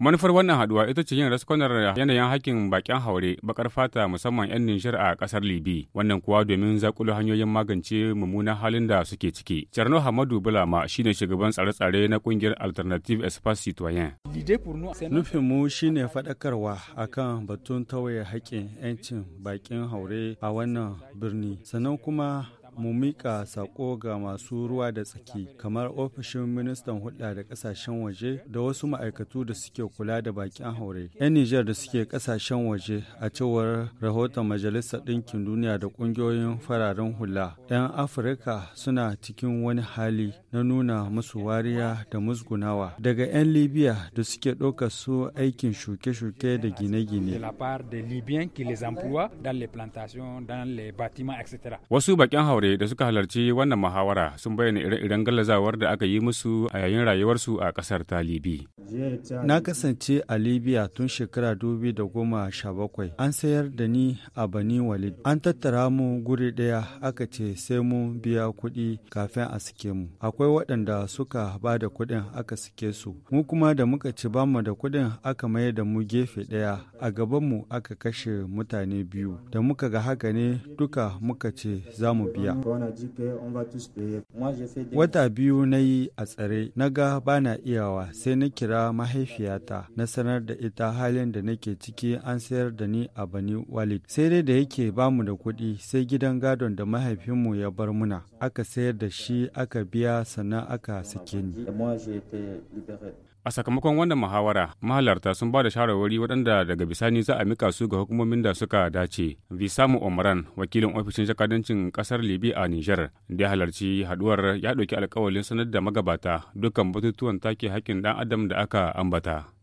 Manufar wannan haduwa ita ce yin raskonar yanayin hakkin bakin haure bakar fata musamman 'yan Nijar a kasar Libi, wannan kuwa domin zakulo hanyoyin magance mummunan halin da suke ciki. Charno Hamadu Bulama shine shugaban tsare-tsare na kungiyar Alternative Espace Citoyen. Nufin mu shine faɗakarwa kan batun tawaye haƙƙin 'yancin bakin haure a wannan birni, sannan kuma mu mika sako ga masu ruwa da tsaki kamar ofishin ministan hulɗa da kasashen waje da wasu ma'aikatu da suke kula da bakin haure. 'Yan Nijar da suke ƙasashen waje a cewar rahoton Majalisar Ɗinkin Duniya da ƙungiyoyin fararen hula. 'Yan Afirka suna cikin wani hali na nuna musu wariya da musgunawa. Daga 'yan Libya da suke ɗaukar su aikin shuke-shuke da gine-gine. Wasu bakin haure da suka halarci wannan muhawara sun bayyana ire-iren gallazawar da aka yi musu a yayin rayuwarsu a kasar ta libi na kasance a libya tun shekara goma sha bakwai an sayar da ni a bani walid an tattara mu guri ɗaya aka ce sai mu biya kuɗi kafin a sike mu akwai waɗanda suka ba da kuɗin aka sike su mu kuma da muka ci ba mu da kuɗin aka mayar da mu gefe ɗaya a gaban mu aka kashe mutane biyu da muka ga haka ne duka muka ce za mu biya Wata biyu na yi a tsare, na ga ba na iyawa sai na kira mahaifiyata na sanar da ita halin da nake ciki an sayar da ni a Bani Walid. Sai dai da yake ba mu da kuɗi sai gidan gadon da mahaifinmu ya bar muna. Aka sayar da shi aka biya sannan aka sake ni. A sakamakon wannan muhawara, mahalarta sun ba da shawarwari waɗanda daga bisani za a mika su ga hukumomin da suka dace. Visamu Omran, wakilin ofishin jakadancin ƙasar Libya a Nijar, da ya halarci haduwar ya ɗauki alkawalin sanar da magabata dukkan batutuwan take haƙƙin ɗan adam da aka ambata.